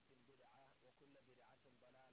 محدثة بدعة وكل بدعة ضلالة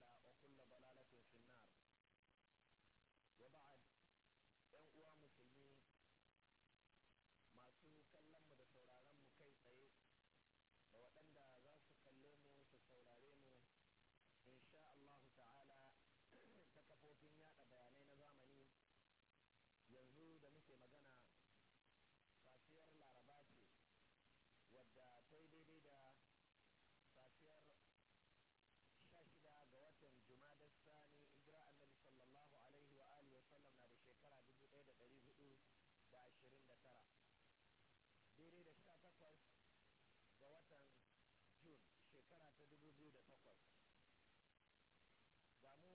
shekara ta dubu biyu da takwas ga mu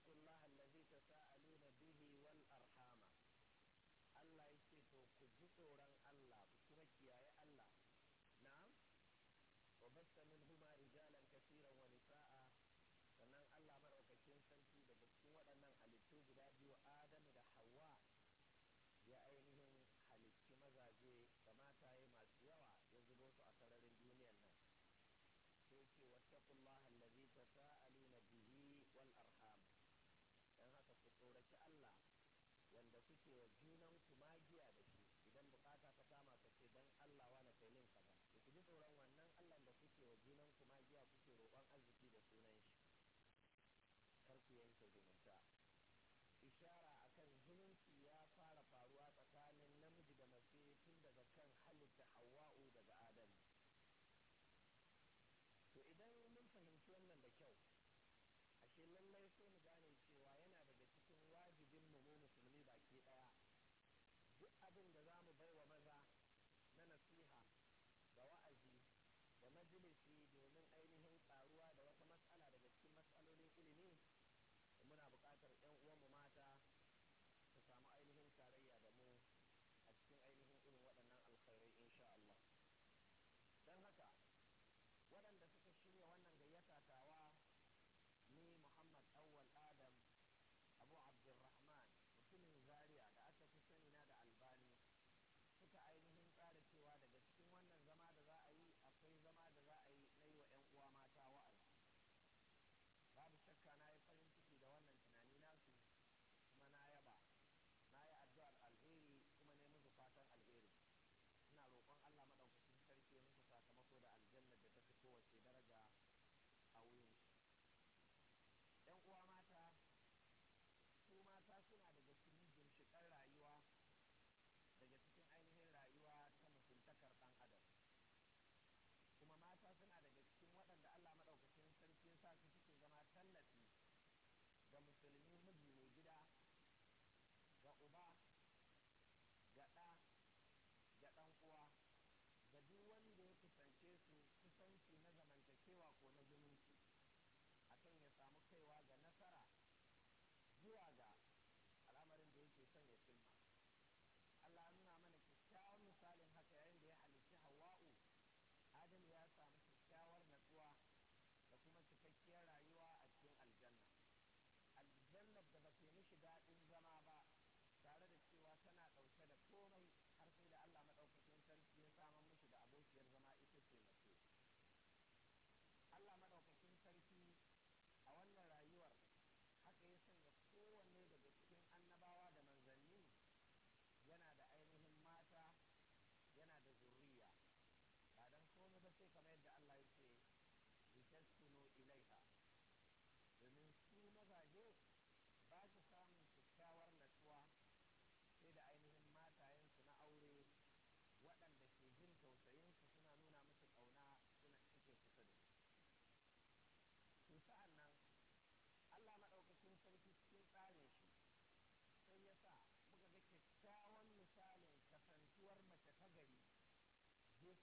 واتقوا الله الذي تساءلون به والأرحام الله يسيتو كجسورا الله كما كياي الله نعم وبث منه to hear. Do you know to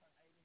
different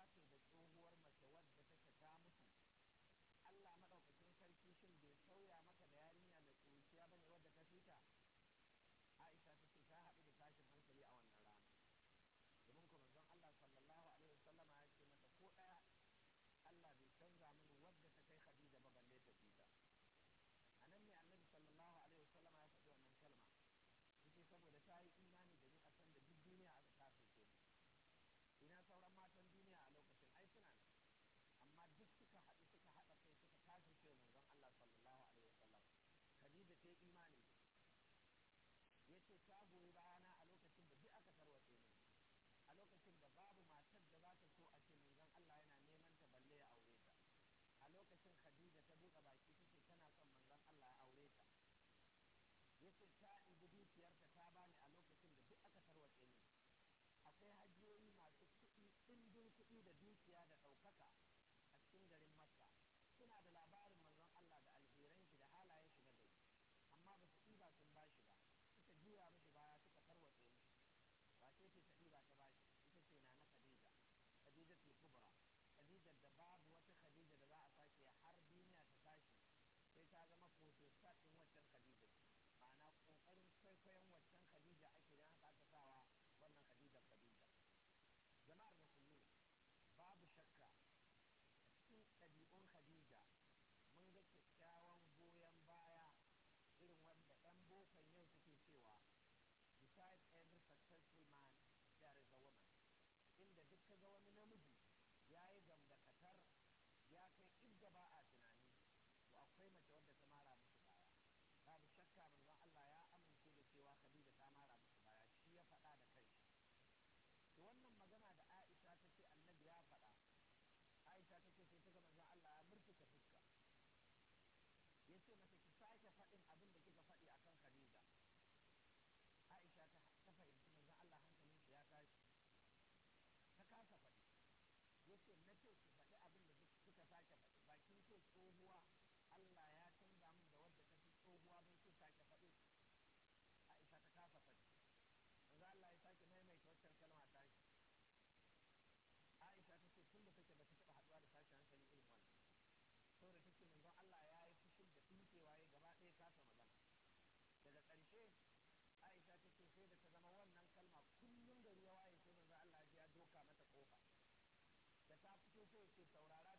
chapter believe Jesús restaurará.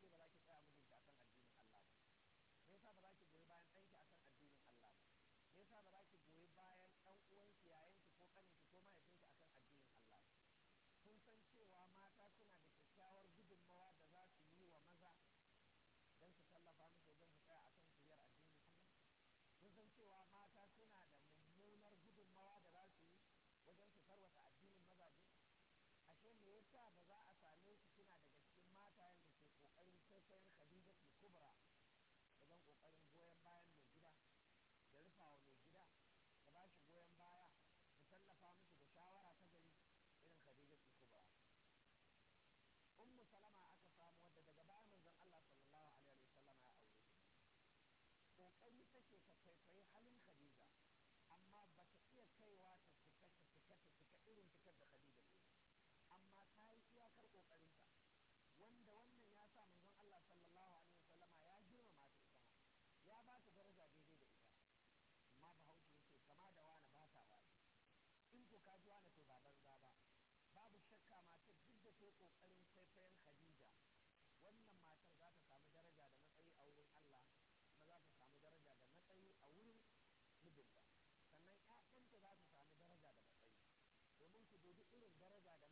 yasa ke ba za ki tsaya mijinki akan addinin Allah ba me yasa ba za ki goyi bayan ɗanki akan addinin Allah ba me yasa ba za ki goyi bayan ɗan uwanki yayanki ko ƙaninki ko mahaifinki akan addinin Allah ba kun san cewa mata suna da kyakkyawar gudunmawa da za su yi wa maza don su tallafa musu don su tsaya akan shiriyar addinin Allah kun san cewa mata suna da mummunar gudunmawa da za su yi wajen su tarwata addinin mazaje ashe me yasa ba za a ummu salama aka samu wadda daga baya manzon Allah sallallahu alaihi wasallam ya aure kokari take ta kwaikwayi halin Khadija amma ba ta iya kaiwa ta fita ta fita ta fita irin fitar da Khadija ne amma ta yi iyakar kokarinta wanda wannan ya sa manzon Allah sallallahu alaihi wasallama ya girmama ta ita ya ba ta daraja daidai da ita amma bahaushe yake kama da wani ba ta wani in ko ka ji wani to ba banza ba babu shakka matar duk da ta kokarin ಬರೋದಾಗ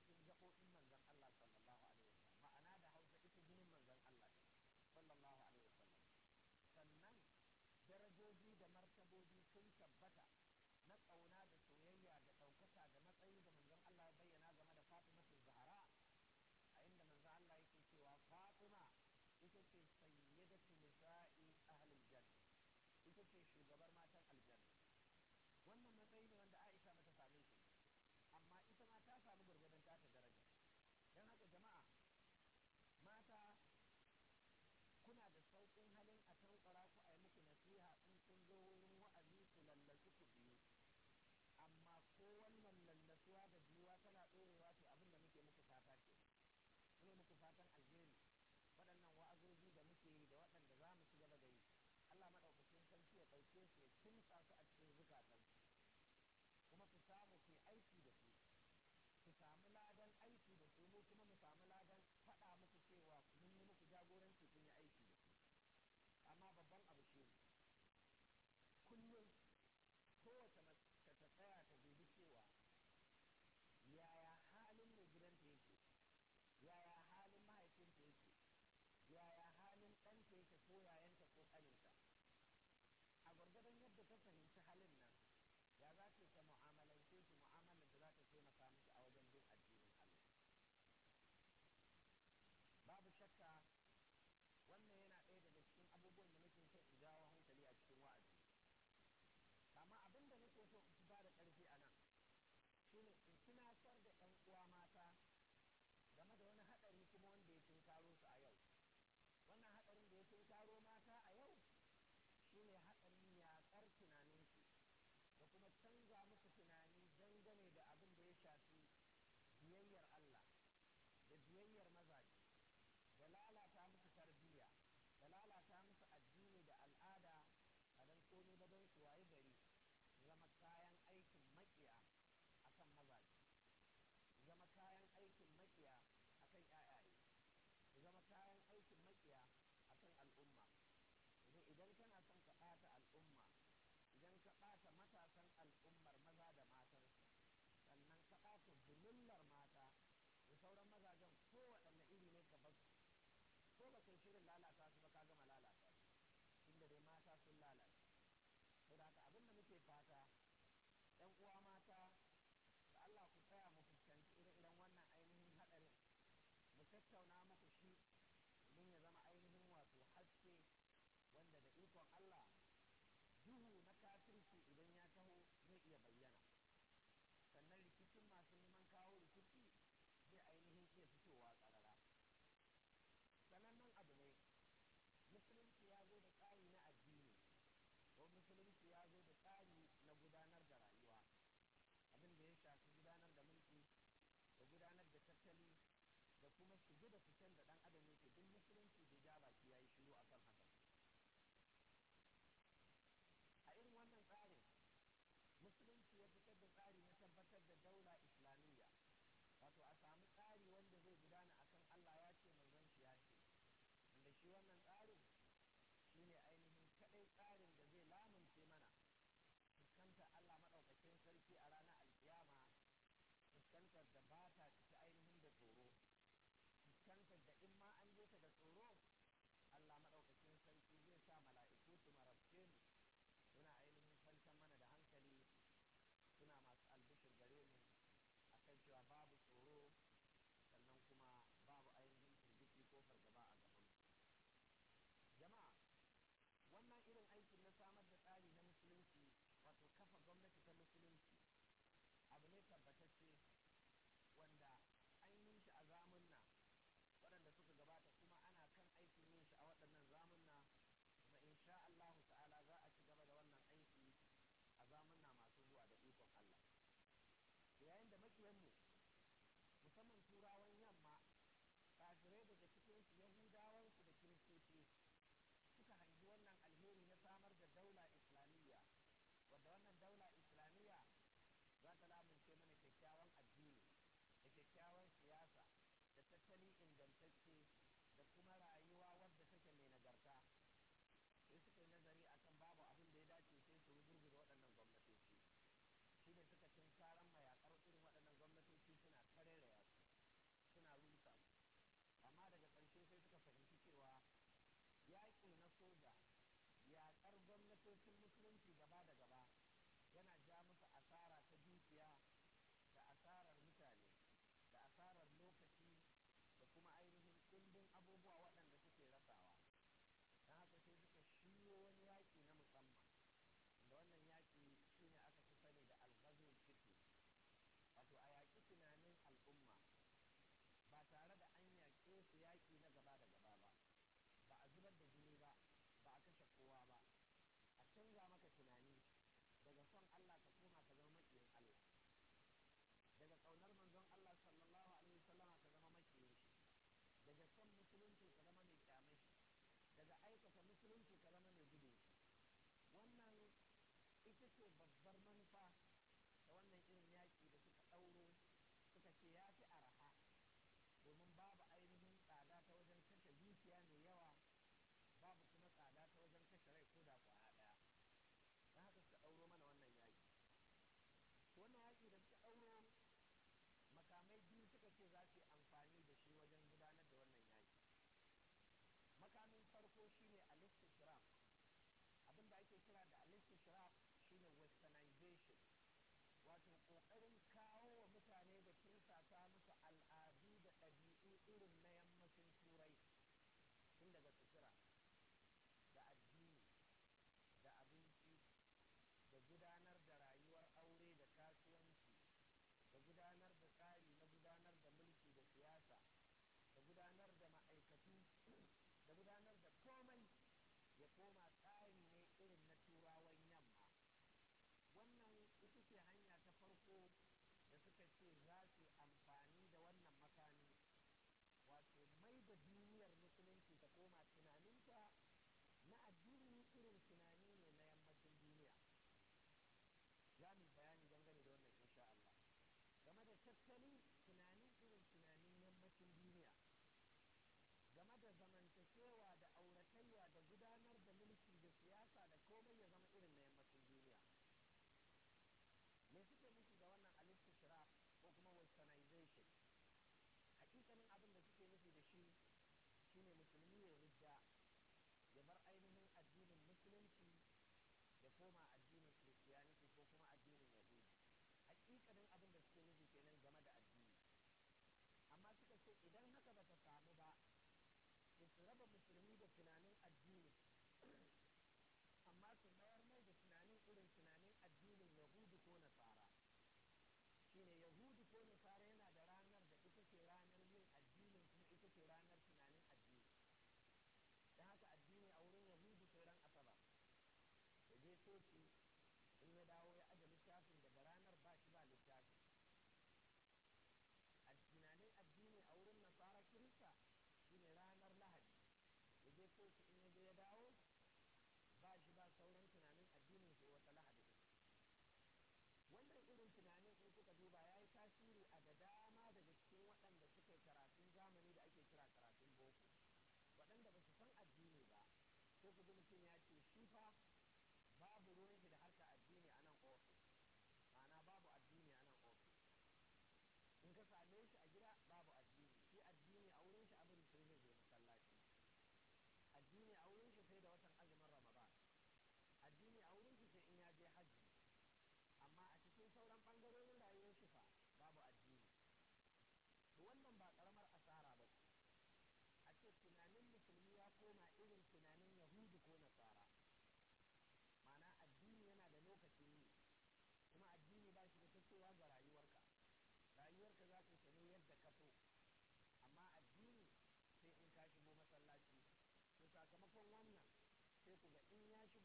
lalata su ba ka gama lalata su tunda dai mata sun lalace to da haka abin da muke fata yan uwa mata da Allah ku tsaya mu fuskanci ire-iren wannan ainihin hadarin mu tattauna za ta lamunce mana kyakkyawan addini da kyakkyawan siyasa da tattali ingantacce da kuma rayuwa wadda take mai nagarta sai suka yi nazari akan babu abin da ya dace sai su gurgurza waɗannan gwamnatoci shi ne suka cin karan mayakar irin waɗannan gwamnatoci suna karera yasu suna rusa amma daga ƙarshe sai suka fahimci cewa yaƙi na soja yaƙar gwamnatocin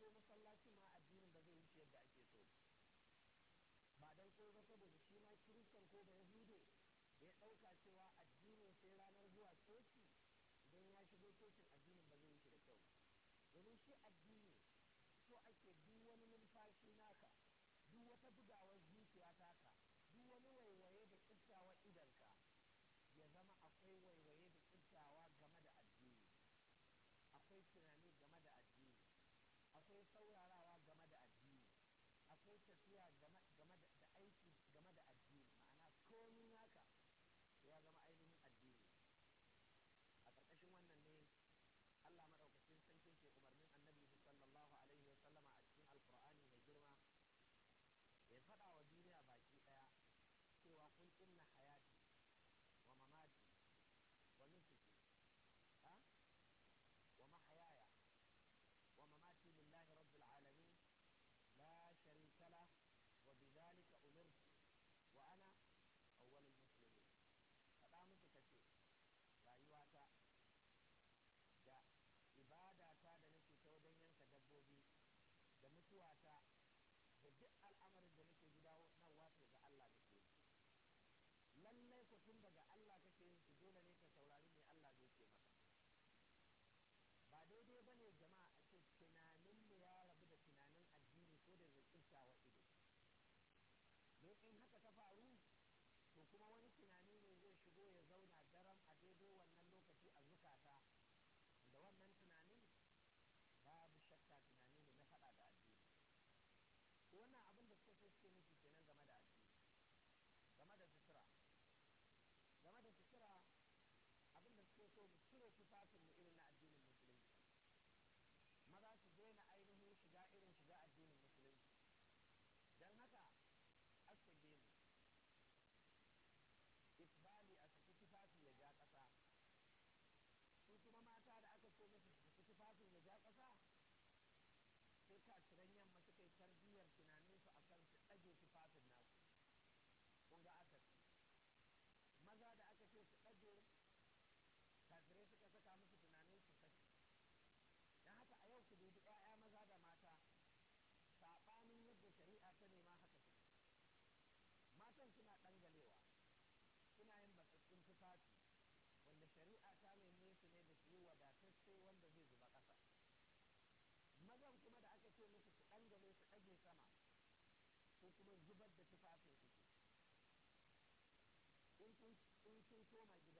zo masallaci ma addinin ba zai wuce yadda ake so ba dan ko ba saboda shi ma kiristan ko da yahude ya ɗauka cewa addinin sai ranar zuwa coci idan ya shigo cocin addinin ba zai wuce da kyau domin shi addini so ake duk wani numfashi naka duk wata bugawar zubar da tufafin su in kun koma gida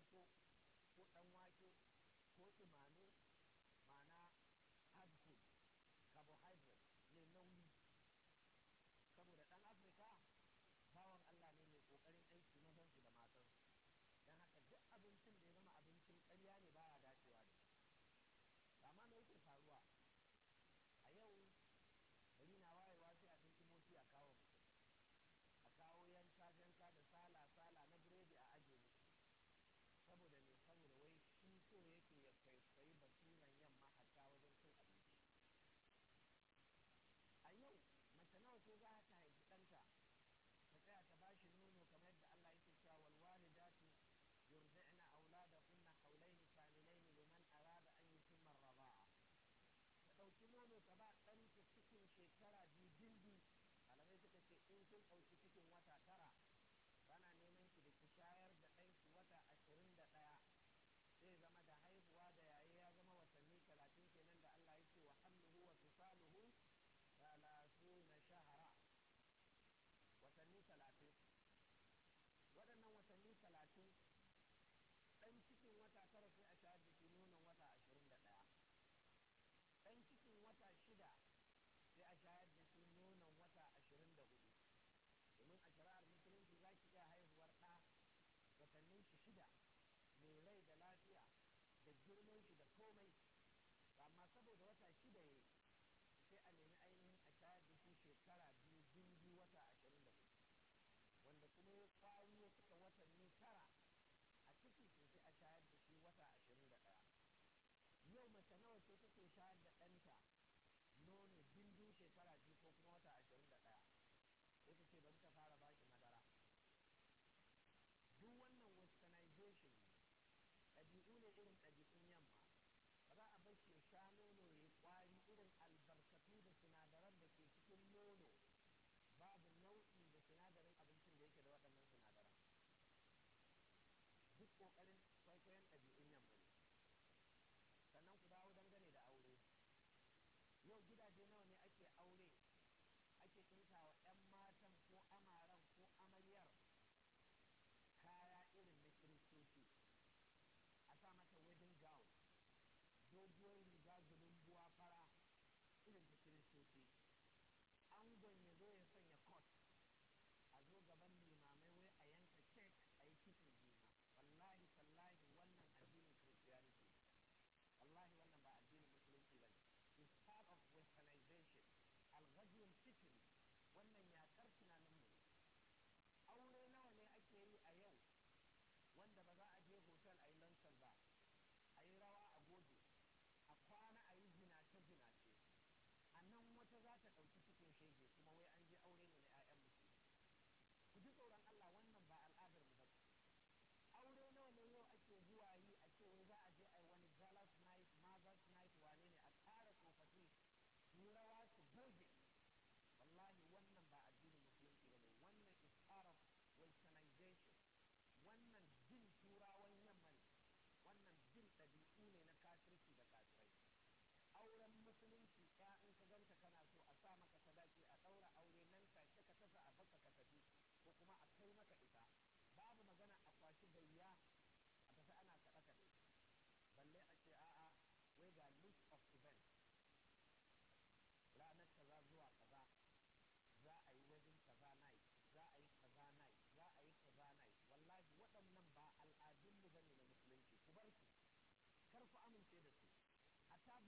koko ko ɗan wake ko tsumame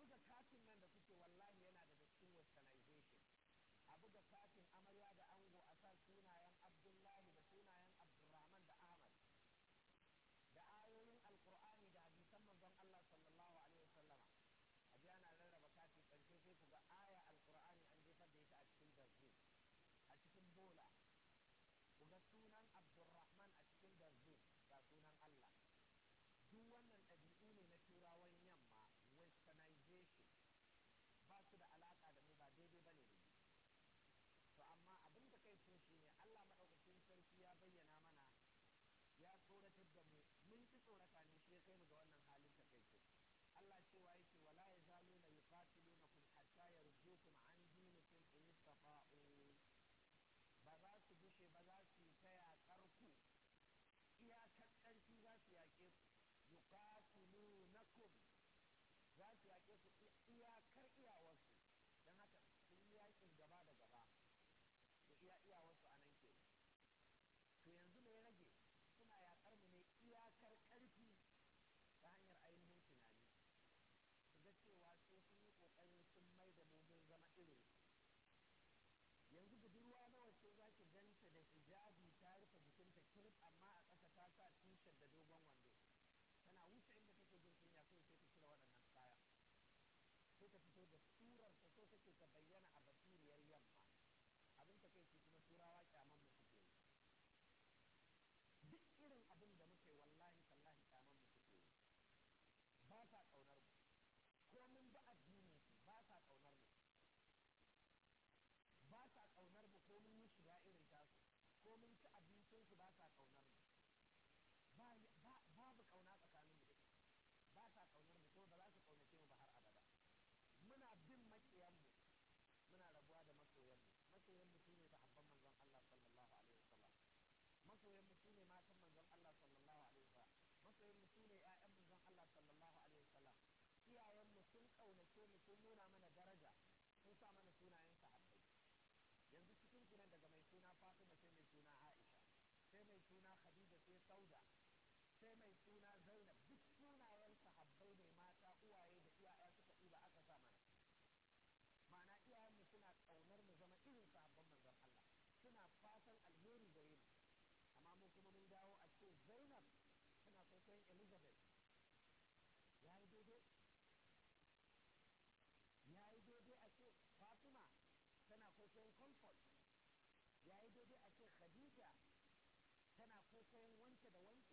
buga katin nan da kuke wallahi yana daga cikin westernization a buga katin amarya da ango a sa sunayen abdullahi da sunayen abdurrahman da ahmad da ayoyin alkur'ani da hadisan manzon allah sallallahu alaihi wasallama a ji ana rarraba katin karshe sai ku ga aya alkur'ani an jefar da ita a cikin darbe a cikin bola ku ga sunan abdurrahman a cikin darbe ga sunan allah duk wannan ɗabi'a iyakar iyawa sa ƙaunar mu ko mun ba addini ba sa ƙaunar mu ba sa ƙaunar mu ko mun yi shiga irin tasu ko mun ci sun nuna mana daraja sun sa mana sunayen sahabbai yanzu cikin kunan daga mai suna fatima sai mai suna aisha sai mai suna khadija sai sauda sai mai suna zainab kwaikwayon comfort ya yi daidai a ce khadija tana kwaikwayon wance da wance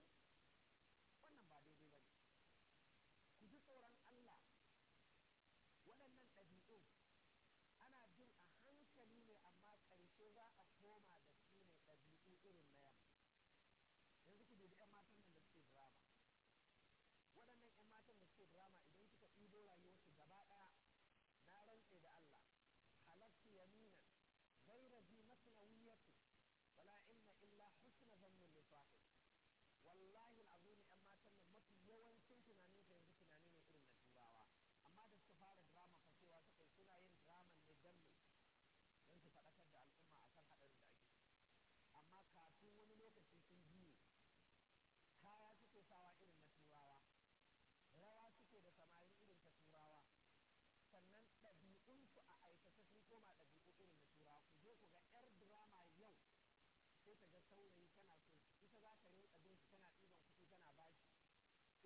saurayi kana so ita za ka rinka bin shi kana ɗiban kuɗi tana ba shi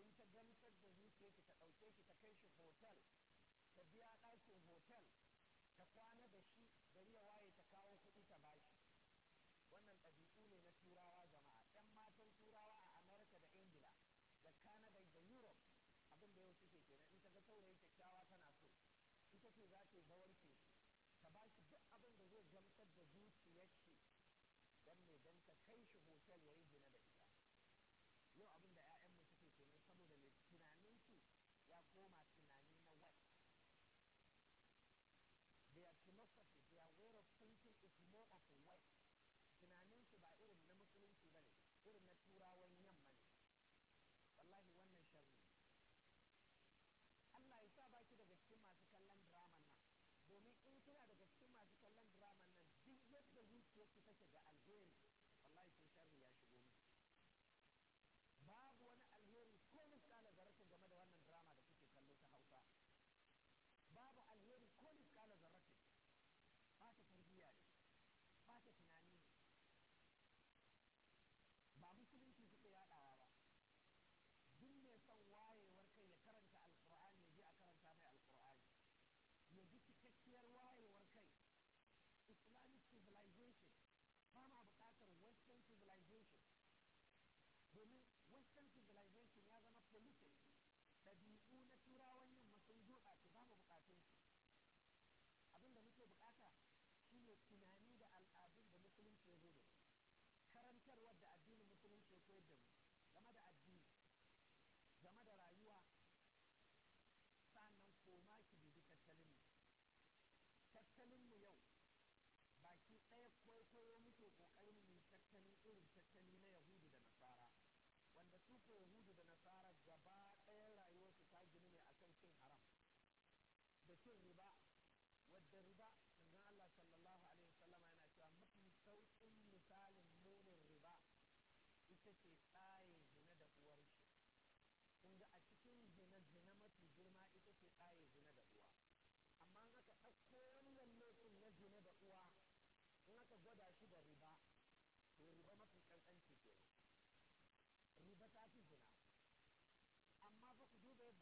in ta gamsar da zuciyarki ta ɗauke shi ta kai shi hotel ta biya ɗakin hotel ta kwana da shi gari ya waye ta kawo kuɗi ta ba shi wannan ɗabi'u ne na turawa jama'a ɗan matan turawa a amurka da ingila da canada da europe abin da yau suke kenan in ta ga saurayi kyakkyawa tana so ita ce za ta yi zawarci sexual ya yi da ita yau abin da mu suke kenan saboda mai tunaninsu ya koma tunani na west their philosophy their way of thinking is more of a tunaninsu ba irin na musulunci ba ne irin na turawan yamma ne wallahi wannan sharri Allah ya sa baki daga cikin masu kallon draman nan domin in kina daga cikin masu kallon draman nan duk yadda zuciyarki take ga Allah ba musulunci suka yadawa ba duk mai son wayewar kai ya karanta alkur'ani ya ji a karanta mai alkur'ani ya ji cikakkiyar wayewar kai islamic civilization ba ma bukatar western civilization domin western civilization ya zama polluted ɗabi'u na turawan yamma sun gurɓace ba mu bukatun su abin da muke bukata shine tunani tattali irin tattali na yahudu da nasara wanda su yahudu da nasara gaba ɗaya rayuwarsu ta gini ne kan cin haram da cin riba wadda riba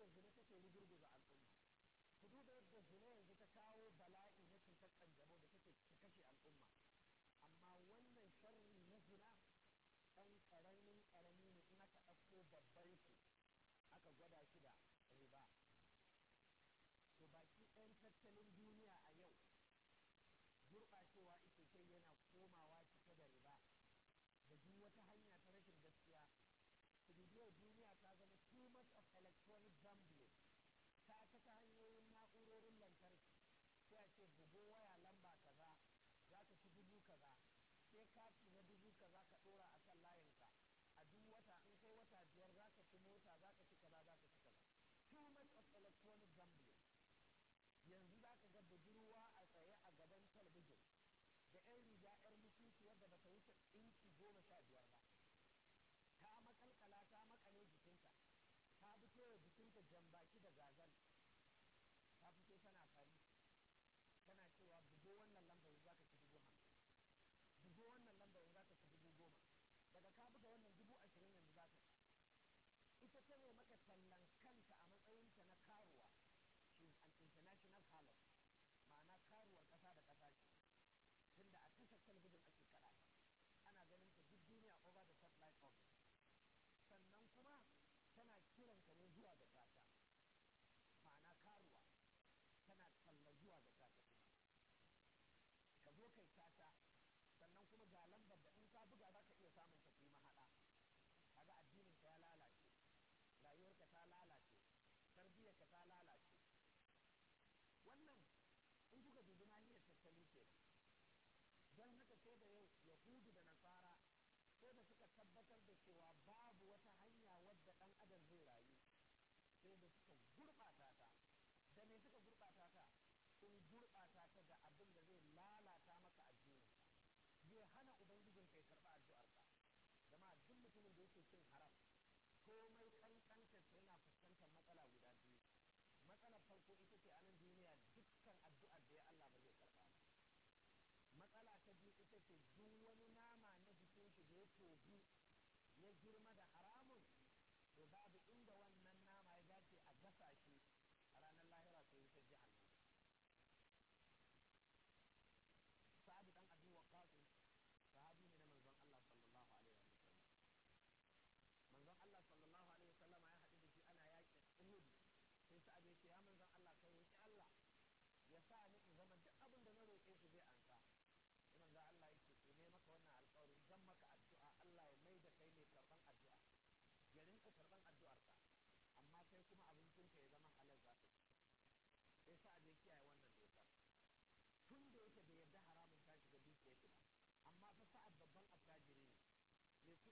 yadda zina take rugurguza al'umma ku duba yadda zina yanzu ta kawo bala'i na cutar kanjamau da take ta kashe al'umma amma wannan sharri na zina ɗan ƙaramin ƙarami ne in aka ɗauko babban shi aka gwada shi da riba to baki ɗayan tattalin duniya a yau gurɓacewa ita kati na dubu ka za ka ɗora a kan layinka a duk wata in kai wata biyar za ka ci mota za ka ci kaza za ka ci kaza too much of electronic gambling yanzu za ka ga budurwa a tsaye a gaban talabijin da yan riga yar mutunci wadda ba ta wuce inci goma sha biyar ba ta makalkala ta makale jikinta ta fito wa jikinta baki da gazal kai sannan kuma ga lambar da in ka buga za ka iya samun ka kai mahaɗa kaga addinin ka ya lalace rayuwarka ta lalace tarbiyyarka ta lalace wannan in kuka dubi nahiyar tattali ke don haka sai da yau yahudu da nasara sai da suka tabbatar da cewa babu wata hanya wadda ɗan adam zai rayu sai da suka gurɓata ta da me suka gurɓata ta sun gurɓata ta da abin da zai ko ita ce anan duniya dukkan addu'ar da ya Allah ba zai karɓa ba matsala ta biyu ita ce duk wani nama na jikin shi da ya tobi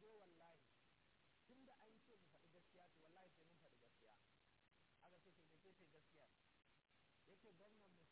mu dai wallahi tun da an ce mu faɗi gaskiya to wallahi sai mun faɗi gaskiya aka ce to me gaskiya yake gwamnan mu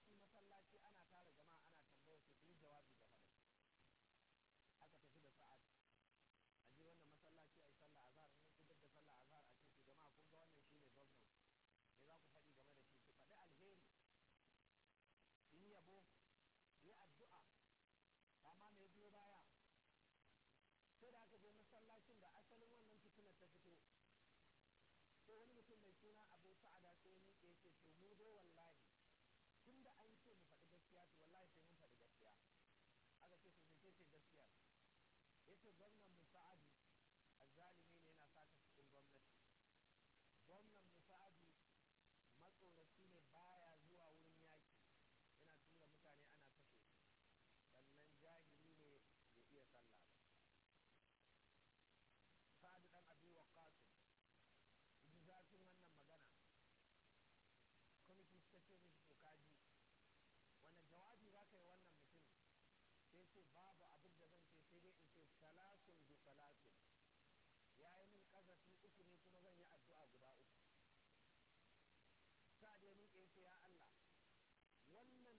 ya ci masallaci ana tara jama'a ana tambaya su yi jawabi game da shi aka tafi da sa'ad a ji wannan masallaci a yi sallah azhar in ku da sallah azhar a ce ku jama'a kun ga wannan shine gwamnati me za ku faɗi game da shi ku faɗi alheri in yabo yi addu'a amma me biyo baya sai da aka je masallacin da asalin wannan fitinar ta fito sai wani mutum mai suna abu sa'ada sai ya miƙe ya ce to ce gwamnan musa'adu azzalimi ne yana sata cikin gwamnati gwamnan ya Allah wannan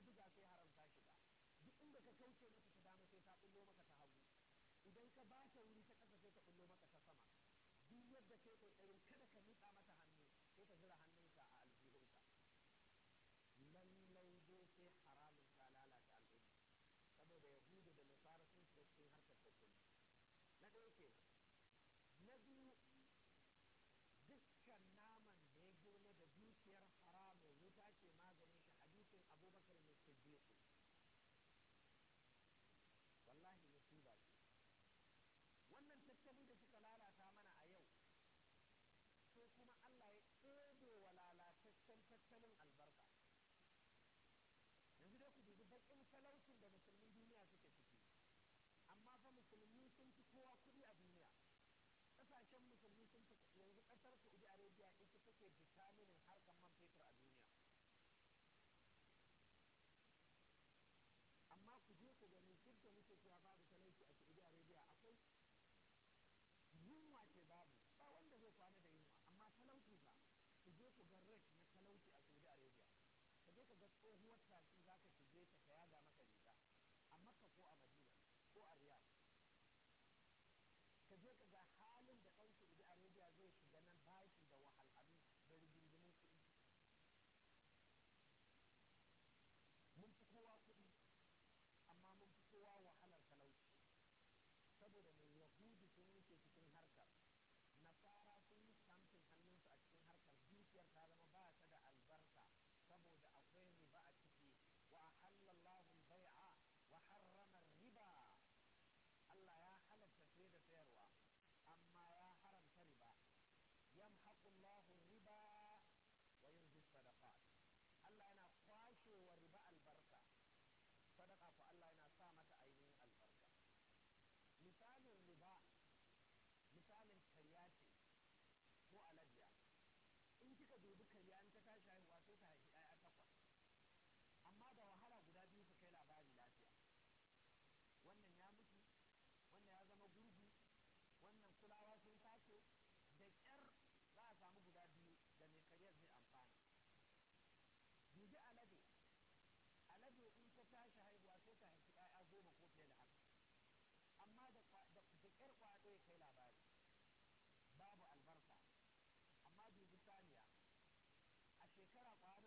ka buga sai haramta shiga duk inda ka kauce mata ta dama sai ta bullo maka ta hagu idan ka ba ta wuri ta kasa sai ta bullo maka ta sama duk yadda kai ƙoƙarin kada drink of the house. alade alade in ta tashi haihuwa sai ta haifi yaya goma ko fiye da haka amma da ƙyar kwaɗo ya kai labari babu albarka amma dubi saniya a shekara kwaɗo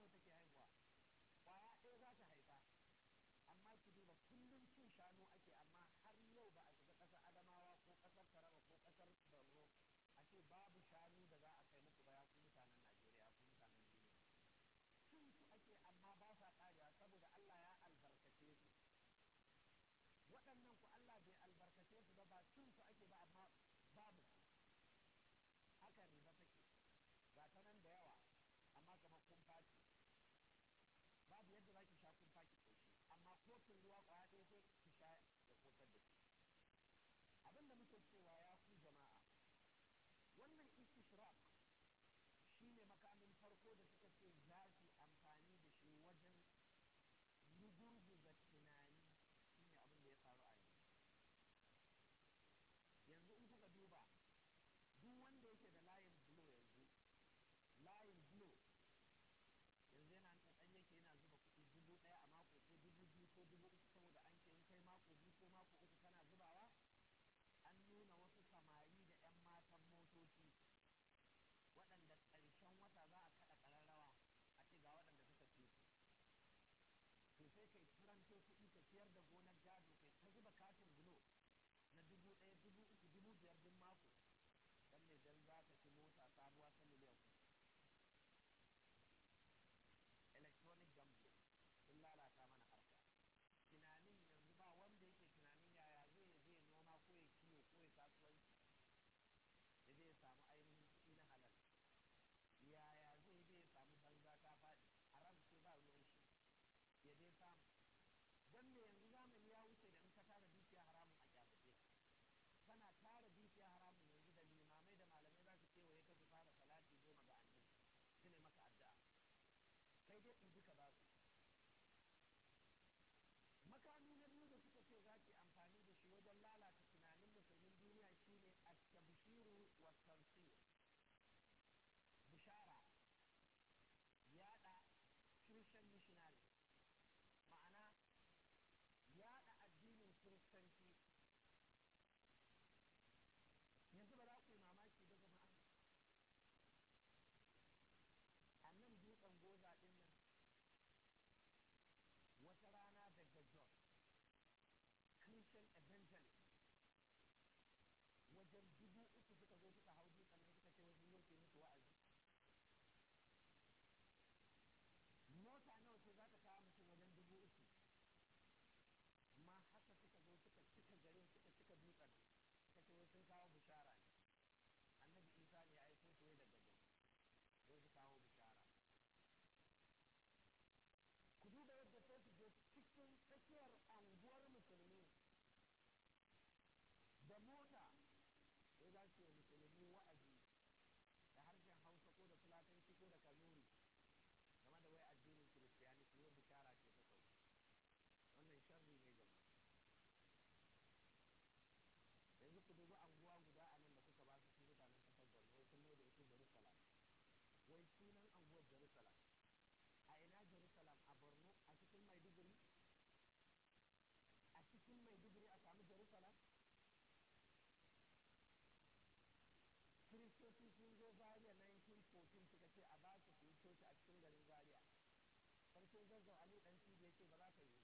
darajar ali dan shi ya ce ba za ka yi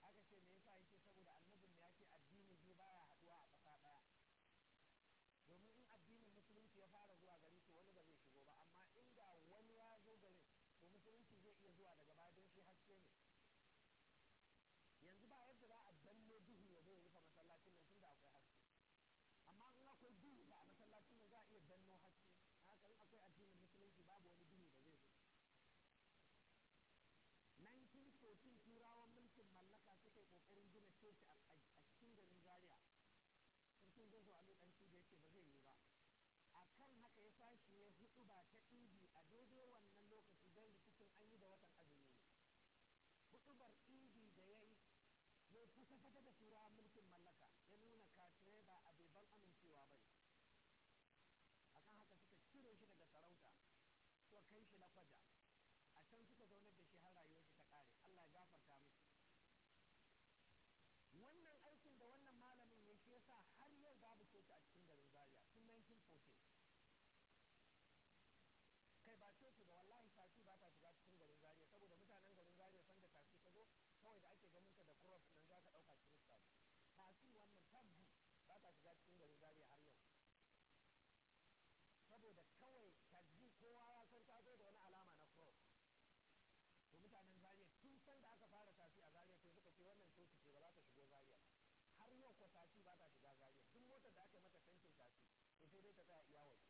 ba aka ce me yasa yake saboda annabin ya ce addini biyu baya haduwa a kasa ɗaya domin in addinin musulunci ya fara zuwa gari to wani ba zai shigo ba amma inda wani ya zo gari to musulunci zai iya zuwa daga baya don shi haske ne yanzu ba yadda za a danne duhu ya zo ya rufe masallacin nan tunda akwai haske amma in akwai duhu ba a masallacin nan za a iya danno haske ba ta idi a daidai wannan lokaci don rikicin an yi da watan azumi ne hutubar idi da ya yi ya kusa fata da turawa mulkin mallaka ya nuna kafirai ba a beban amincewa ba ne akan haka suka cire shi daga sarauta suka kai shi na kwaja a can suka zaunar da shi har rayuwar shi ta kare Allah ya gafarta musu wannan gabace su ba wallahi tafi ba ta shiga cikin garin Zaria saboda mutanen garin Zaria san da tafi ta zo kawai da ake ganin ta da cross nan za ka ɗauka Kirista tasi wannan tabbi ba ta shiga cikin garin Zaria har yau saboda kawai tafi kowa ya san ta zo da wani alama na cross to mutanen Zaria tun san da aka fara tasi a Zaria sai suka ce wannan coci ce ba za ta shigo Zaria har yau ko tafi ba ta shiga Zaria duk motar da aka mata tankin tasi to sai dai ta tsaya iya waje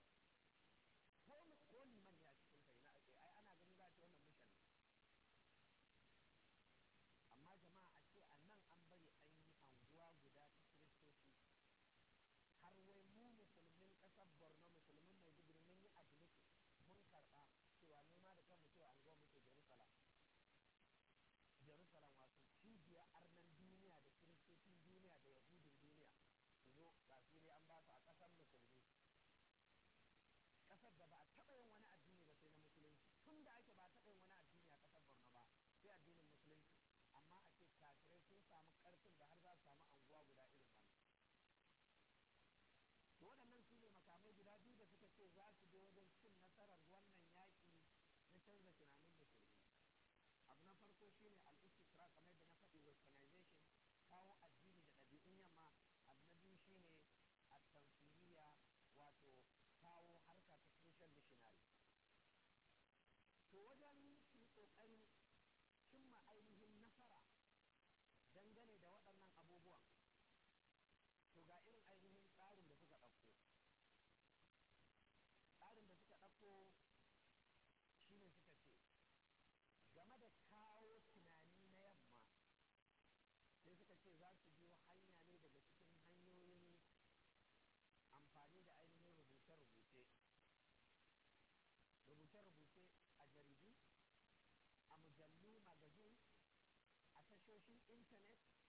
tasoshin intanet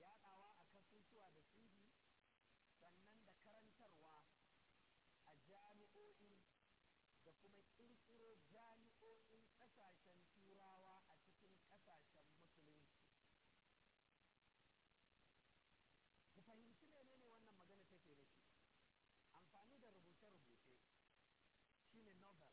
yaɗawa a kasusuwa da cd sannan da karantarwa a jami'o'i da kuma ƙirƙiro jami'o'in ƙasashen turawa a cikin ƙasashen musulunci ku fahimci menene wannan magana take nufi amfani da rubuce-rubuce shine novel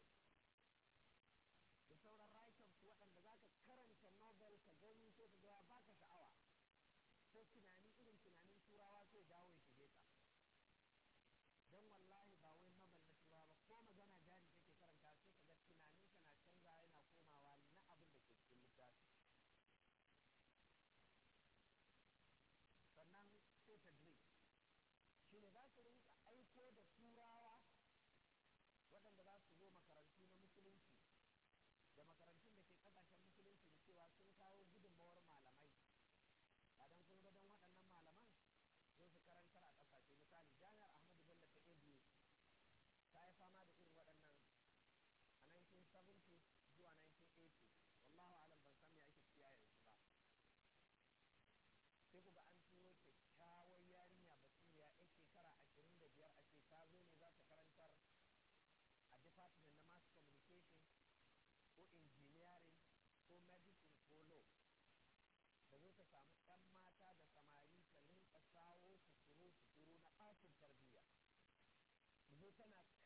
10x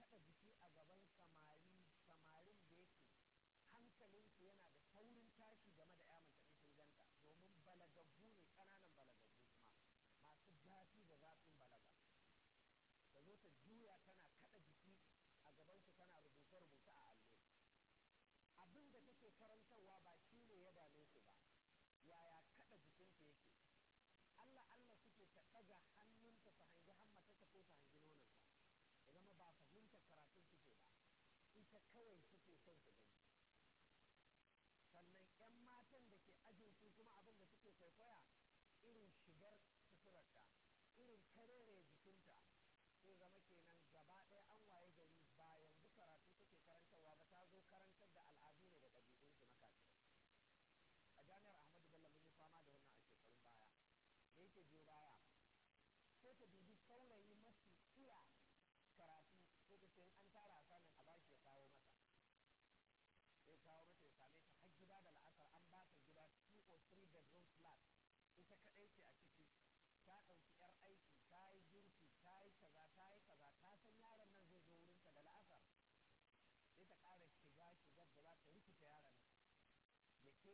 kawai suke son su gani sannan 'yan matan da ke ajin su kuma abin da suke kwaikwaya irin shigar suturarta irin karere jikinta ko zama kenan gaba ɗaya an waye gari ba yanzu karatu suke karantarwa ba ta zo karantar da al'adu ne da ɗabi'un su na kafin a jami'ar ahmadu bello mun yi fama da wannan a shekarun baya da yake biyu baya sai ta dubi saurayi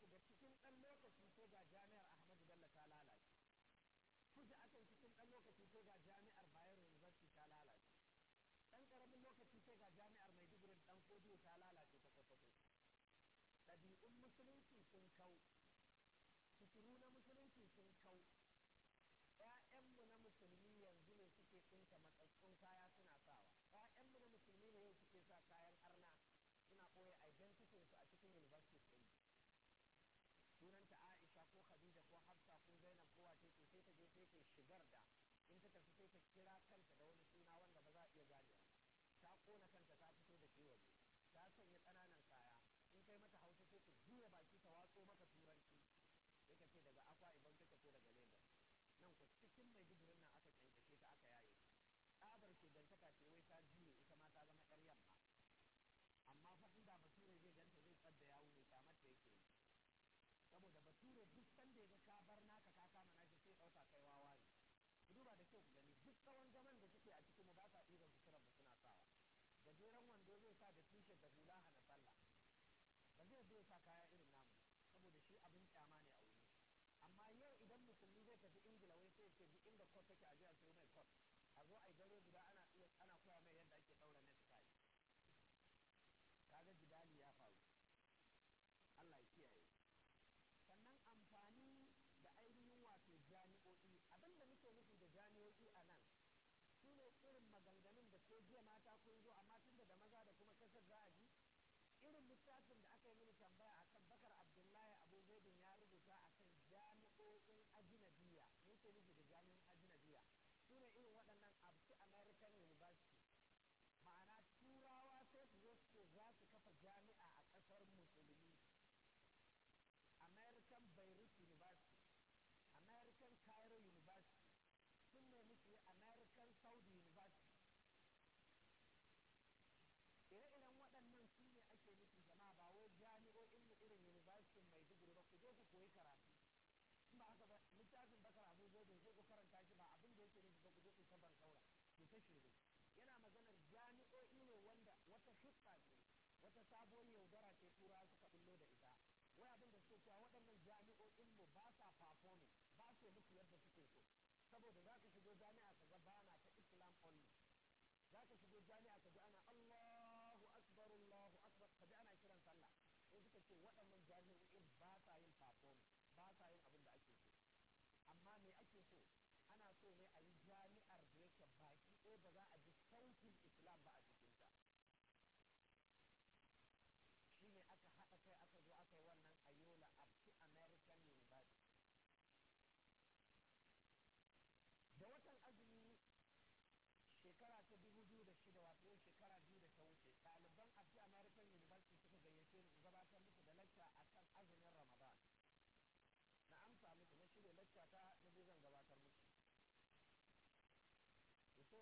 sai ku ga cikin ɗan lokaci ga jami'ar Ahmadu Bello ta lalace. a akan cikin ɗan lokaci ko ga jami'ar Bayero University ta lalace. Ɗan ƙaramin lokaci ko ga jami'ar Maiduguri ɗan Kodiyo ta lalace ta kwakwato. Ɗabi'un musulunci sun kau kira kanta da wani suna wanda ba za a iya ganewa ta kona kanta tsawon zaman da suke a ciki mu ba sa ɗiban suturar da suna sawa gajeren wando zai sa da tushe da hula hana sallah ba zai zai sa kaya irin namu saboda shi abin kyama ne a wuri amma yau idan musulmi zai tafi ingila wai sai ce duk inda kot take a je a mai kot a zo a yi guda ana jiya mata kun zo amma tun da maza da kuma kasar za a ji irin littafin da aka yi mini tambaya a kan ko ne wanda wata fuska ce wata sabuwar yaudara ce tura suka bullo da ita wai abin da suke cewa waɗannan jami'o'in mu ba sa performing ba su musu yadda suke so saboda za ka shigo jami'a ka ga bana ta islam only za ka shigo jami'a ka ji ana allahu akbar allahu akbar ka ji ana kiran sallah in suka ce waɗannan jami'o'in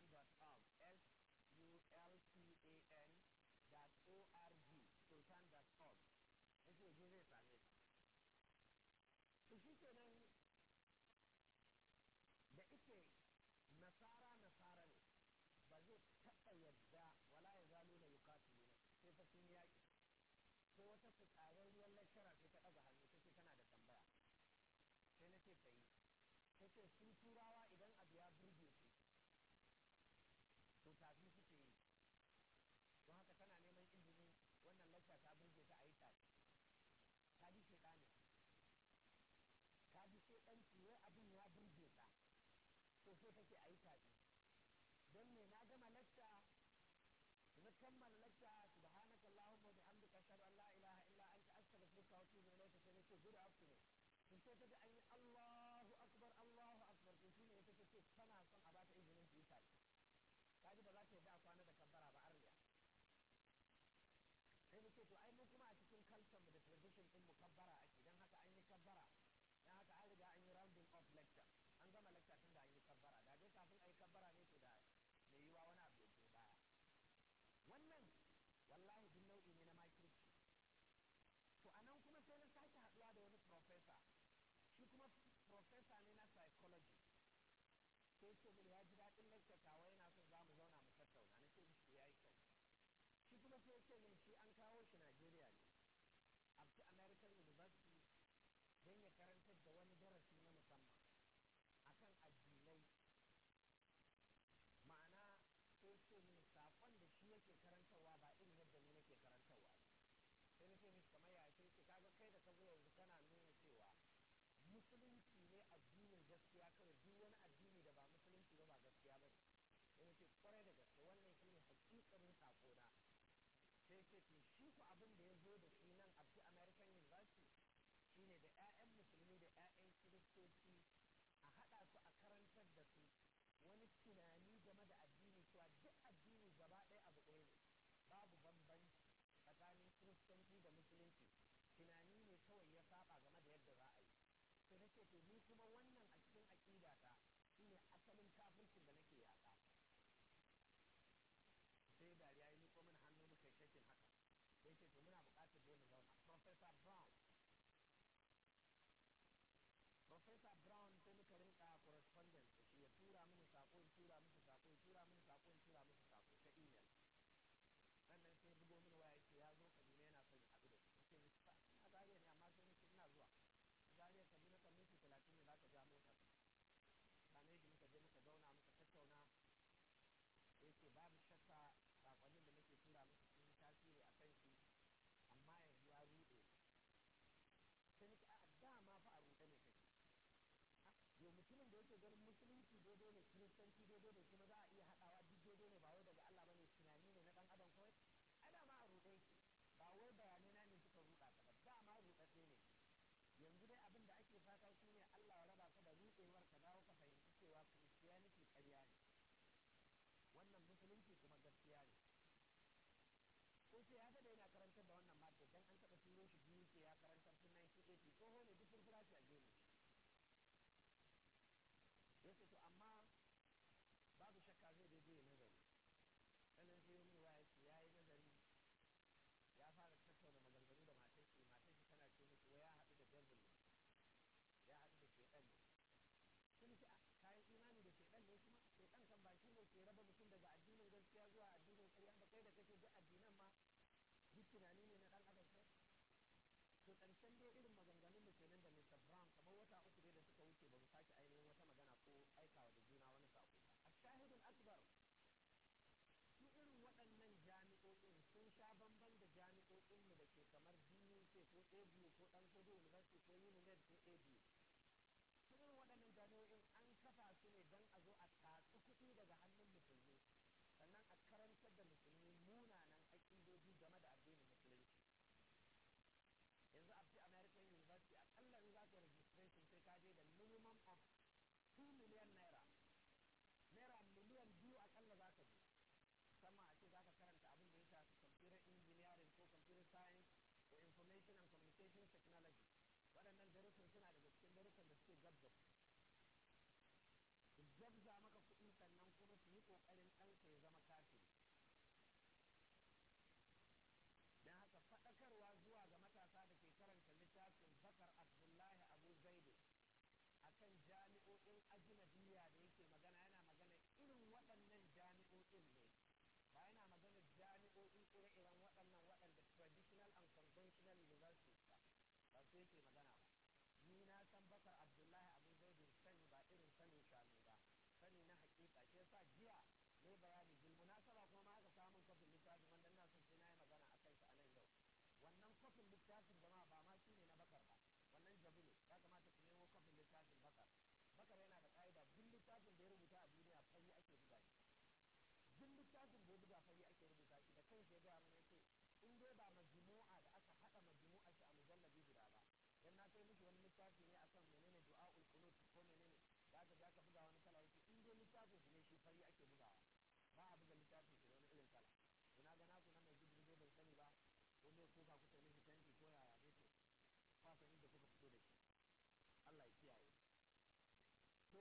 sultan.org. S U L T A N dot O R G. Sultan.org. Yake je zai same ka. da ike nasara nasara ne ba zai taɓa yadda wala ya zalo na yukatu ne sai fa sun yaƙi. ko wata fitsarin ruwan lakshara sai ta ɗaga hannu sai tana da tambaya. Sai na ce ta yi. ce sun turawa idan kaskanci wai abin ya burge ka to sai kake a yi tafi don me na gama lacca na kammala lacca subhanaka allahumma wa bihamdika ashhadu an la ilaha illa anta astaghfiruka wa atubu ilayka sai nace good afternoon to sai kaga an yi allahu akbar allahu akbar to shine ita ce kana son a bata izinin su yi tafi kaji ba za ta yi da kwana da kabbara ba arya sai mu ce to ai mu kuma profesa ne na psychology sai ce ya ji daɗin lecture tawa yana so za mu zauna mu tattauna na ce mishi ya yi kyau shi kuma sai ce mun shi an kawo shi Najeriya ne abta American University don ya karantar da wani darasi na musamman akan addinai ma'ana sai ce mun saƙon da shi yake karantarwa ba irin yadda ni nake karantarwa sai na ce kamar ya ce kaga kai da ka zo yanzu kana nuna cewa musulunci ce to shi ku abin da ya zo da shi nan abdu american university shine da 'ya'yan musulmi da 'ya'yan kiristoci a haɗa su a karantar da su wani tunani game da addini cewa duk addini gaba ɗaya abu ɗaya ne babu bambanci tsakanin kiristanci da musulunci tunani ne kawai ya saba game da yadda za a yi sai na to ni kuma wannan yake ganin musulunci daidai ne kiristanci daidai ne kuma za a iya haɗawa duk daidai ne ba wai daga Allah bane tunani ne na ɗan adam kawai ana ma a ruɗe ba wai bayanai na ne suka ruɗa ka ba da ma ruɗaɗɗe ne yanzu dai abin da ake fata shi ne Allah ya raba ka da ruɗewar ka dawo ka fahimci cewa kiristiyaniki ƙarya ne wannan musulunci kuma gaskiya ne sai ya yana ke raba mutum daga addinin gaskiya zuwa addinin ƙarya ba kai da kake duk addinan ma duk tunani ne na ɗan adam kai to ƙarshen dai irin maganganun da kenan da Mr. Brown kamar wata uku ne da suka wuce ba mu sake ainihin wata magana ko aikawa da juna wani sako ba a shahidin akbar su irin waɗannan jami'o'in sun sha bamban da jami'o'in mu da ke kamar biyu ko ɗaya ko ɗan kudu university ko yi biyu miliyan naira naira miliyan biyu akalla za ka je sama a ce za ka karanta abin da ya shafi computer engineering ko computer science ko information and communication technology waɗannan darussan suna daga cikin darussan da suke gabgab gabza maka yake magana ba ni na san bakar abdullahi abu zaidin sani ba irin sanin shanu ba sani na hakika shi sa jiya ne bayani bil munasaba kuma ma aka samun kafin littafin wanda ina son sai na yi magana a kansa a nan yau wannan kafin littafin jama'a ba ma ne na bakar ba wannan jabu ya kamata ku nemo kafin littafin bakar bakar yana da ka'ida duk littafin da ya rubuta a duniya fari ake buga shi duk littafin da ya buga fari ake rubuta shi da kansa ya gaya mana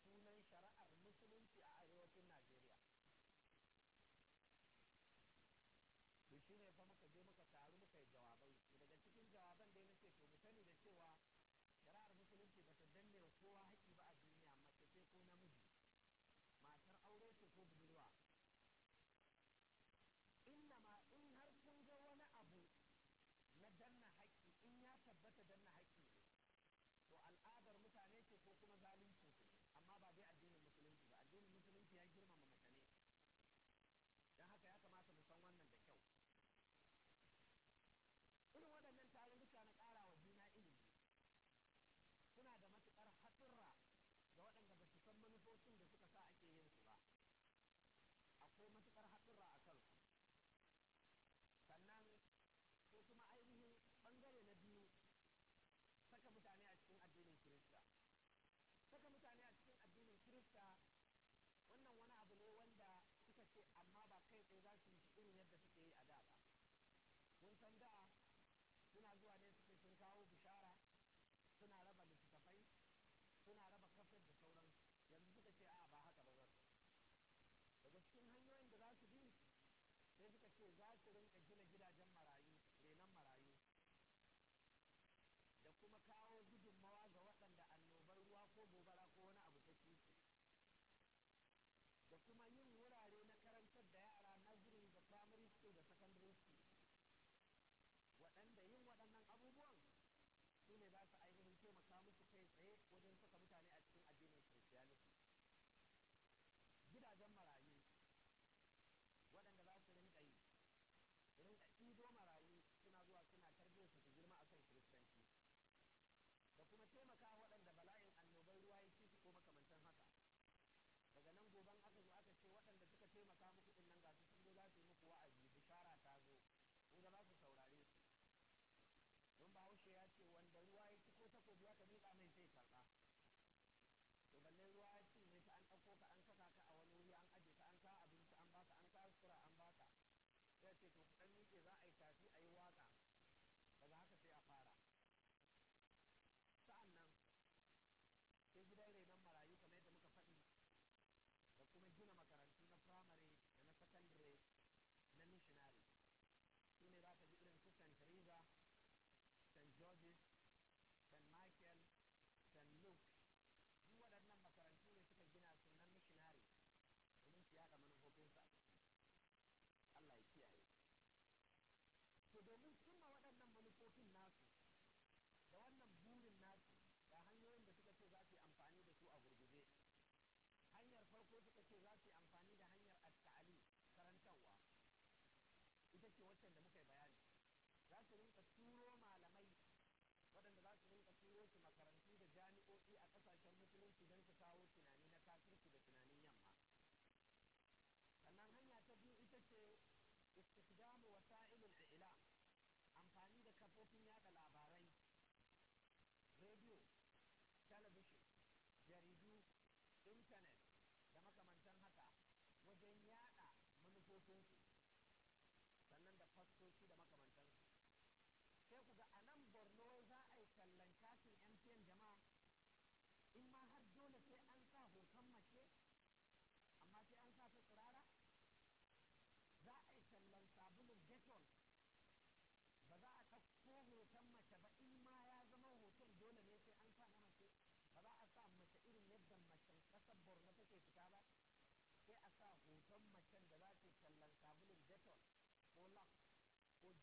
sunan shari'ar musulunci a arewacin najeriya to shi ne fa muka je muka taru muka yi jawabai daga cikin jawaban dai na ce to mu sani da cewa shari'ar musulunci ba ta danne wa kowa haƙƙi ba a duniya mace ce ko namiji matar aure ce ko budurwa inna ma in har kun ga wani abu na danna haƙƙi in ya tabbata danna haƙƙi ಒಂದು ಜನ್ಮದ to kuɗin yake za a yi tafi a yi wa intanet da makamantar haka wajen yada manufofinsu macen da za ta yi tallan sabulun detol ko laf ko joy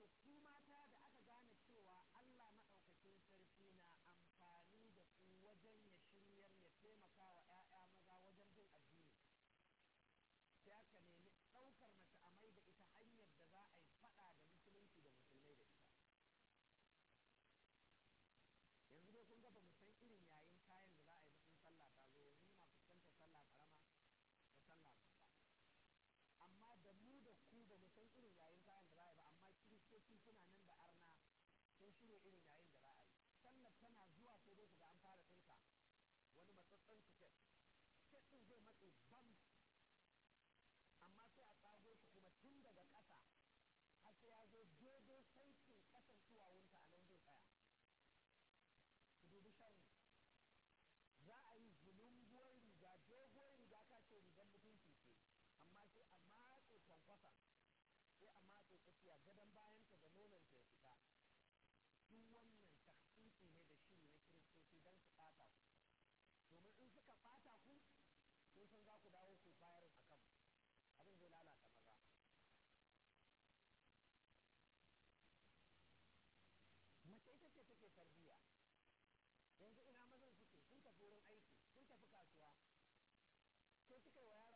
to see my dad. ne irin yayin da za a yi tana zuwa sai dai kaga an fara ɗinka wani matsatsen tiket tiket ɗin zai matse ban amma sai a tsago shi kuma tun daga ƙasa har sai ya zo daidai sauƙin ƙasan duwawunta a nan zai tsaya ku dubi shanu za a yi zulunguwar riga doguwar riga ta ce rigar mutunci ce amma sai a matse kwankwasa sai a matse tsakiya gadon bayanta da nonon Fata ku kun san za ku dawo ku bayar a kan abin zai lalata maza mace ita ce take tarbiyya yanzu ina mazan suke sun tafi wurin aiki sun tafi kasuwa sai wa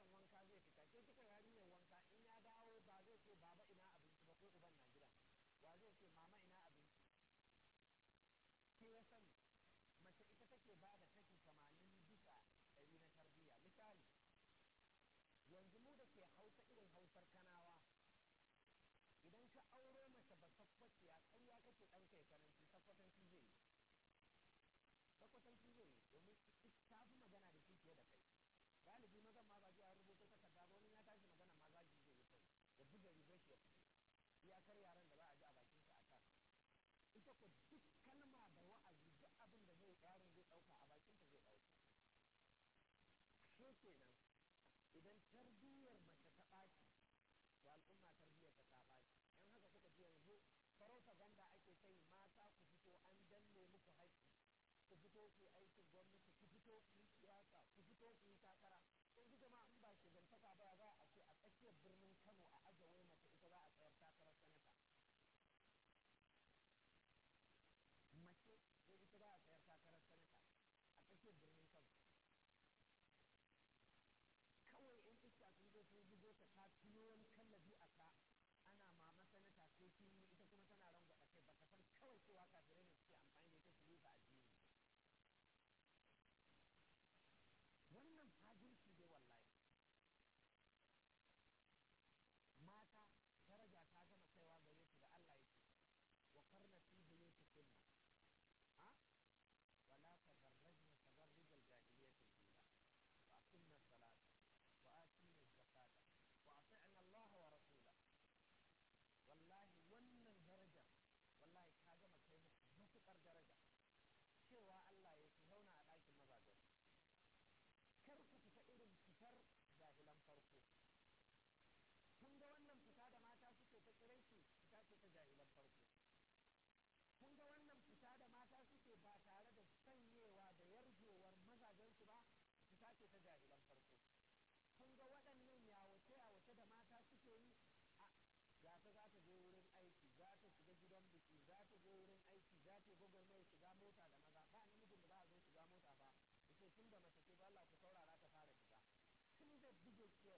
iyakar yaren da za a ji a bakin sa a ita ko duk kalma da wa'azi duk abin da zai yaron zai ɗauka a bakin ta zai ɗauka shi kenan idan tarbiyyar mace ta ɓaci to al'umma tarbiyyar ta ta ɓaci don haka kuka ji yanzu farauta ganda ake kai mata ku fito an danne muku haƙƙi ku fito ku aikin gwamnati ku fito ku yi siyasa ku fito ku yi takara mai shiga mota da maza ba namijin da za a zo shiga mota ba da ce tun da mace ce ba Allah ku saurara ta fara fita tun zai buge shi ya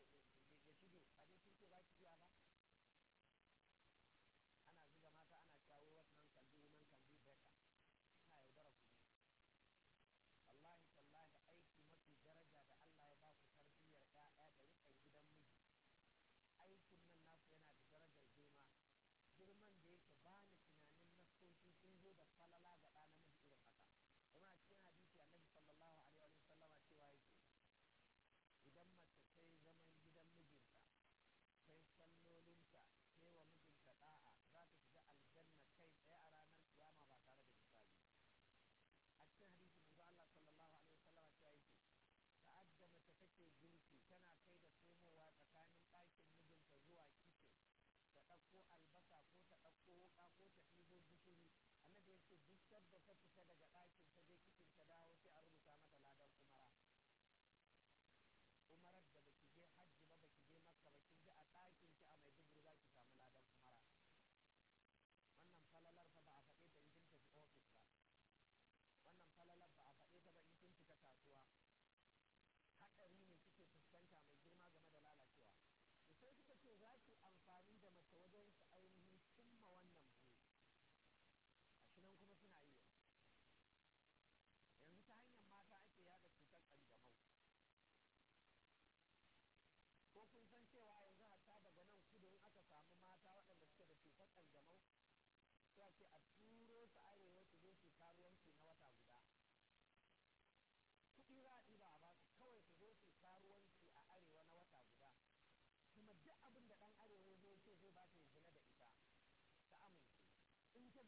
said, they said, they said, they said,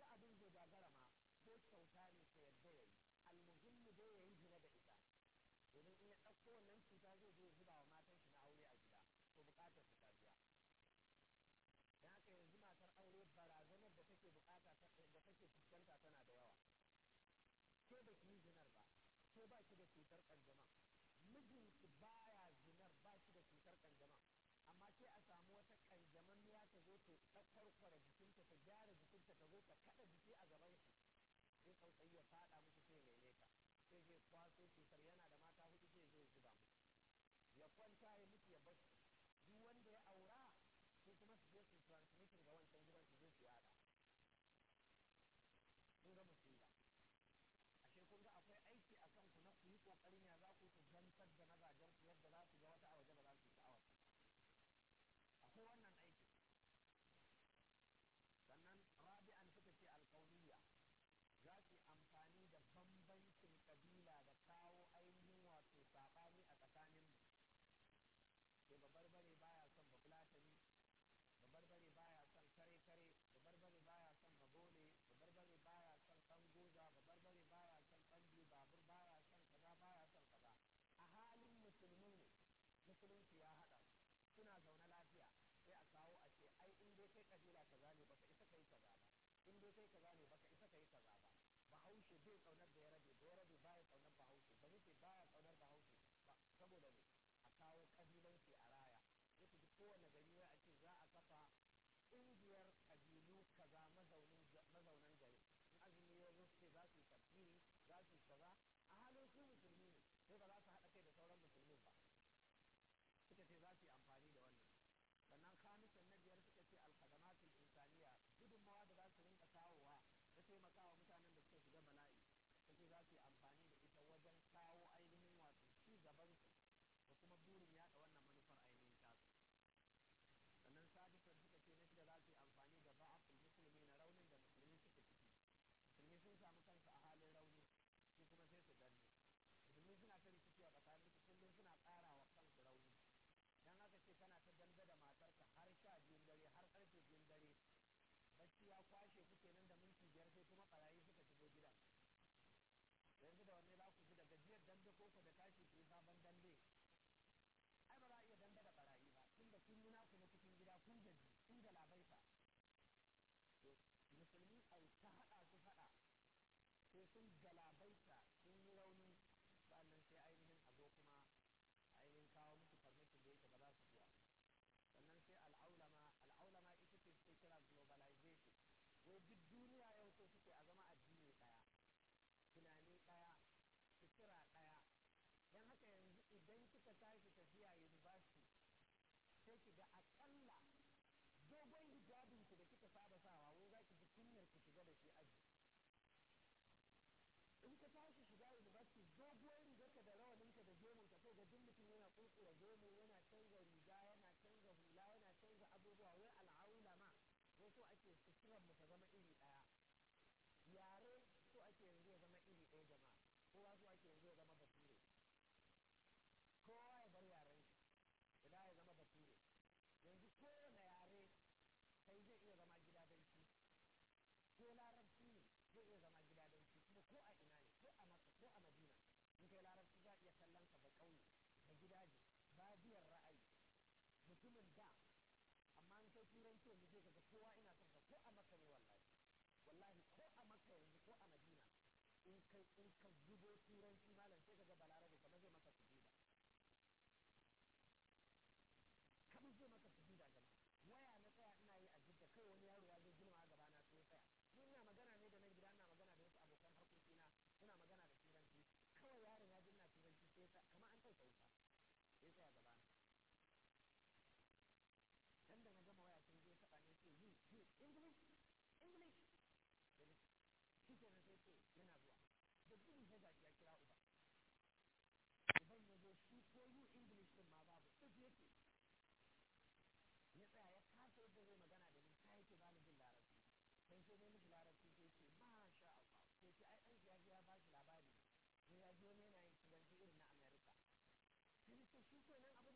ga abin zai gagara ma ko kyauta ne ka yadda ya yi almuhimmi dai ya yi zina da ita domin in ya ɗauko wannan cuta zai zo zuba wa matan shi na aure a gida ko buƙatar su ta biya da haka yanzu matar aure barazanar da take buƙata da take fuskanta tana da yawa ke da ki zinar ba ke ba ki da cutar ƙanjama mijinki baya zinar ba ki da cutar ƙanjama amma sai a samu wata ƙanjaman ya ta zo ta ɗaukar ya fada musu sai raine ka sai zai kwaso cutar yana da mata hudu sai zai zuba musu ya kwanta ya mutu zo kai kaza ne baka isa kai kaza ba bahaushe bai kaunar da ya rabe da ya rabe baya kaunar bahaushe ba nufi baya kaunar bahaushe ba saboda ne a kawo kabilanci a raya yake duk kowane gari ya ake za a kafa ƙungiyar kabilu kaza mazaunan gari in azumi ya zo ce za su yi tafsiri za su yi kaza a halin su musulmi ne sai ba za su ka haɗa su faɗa sai sun galabaita sun yi rauni sannan sai ainihin a zo kuma ainihin kawo musu farmakin da yake ba za su zuwa sannan sai al'aulama al'aulama ita ce suke kira globalization wai duk duniya yau so suke a zama addini ɗaya tunani ɗaya sutura ɗaya don haka yanzu idan kika tashi tafiya university sai ki ga akalla dogon hijabin ki kika. al'amuran mu ta zama iri ɗaya yare so ake yanzu ya zama iri ɗaya jama'a kowa so ake yanzu ya zama bature kowa ya bar yaren shi idan ya zama bature yanzu kowane yare sai zai iya zama gida danci ko larabci ne zai iya zama gida danci kuma ko a ina ne ko a maka ko a madina in kai larabci za a iya kallon ka ba ƙauye da gidaje ba biyar ra'ayi mutumin da amma in kai turanci yanzu zai kaga kowa ina son in ka zubo turanci malam women ay sa gantiin na Amerika. Yung isang siyo ko na ang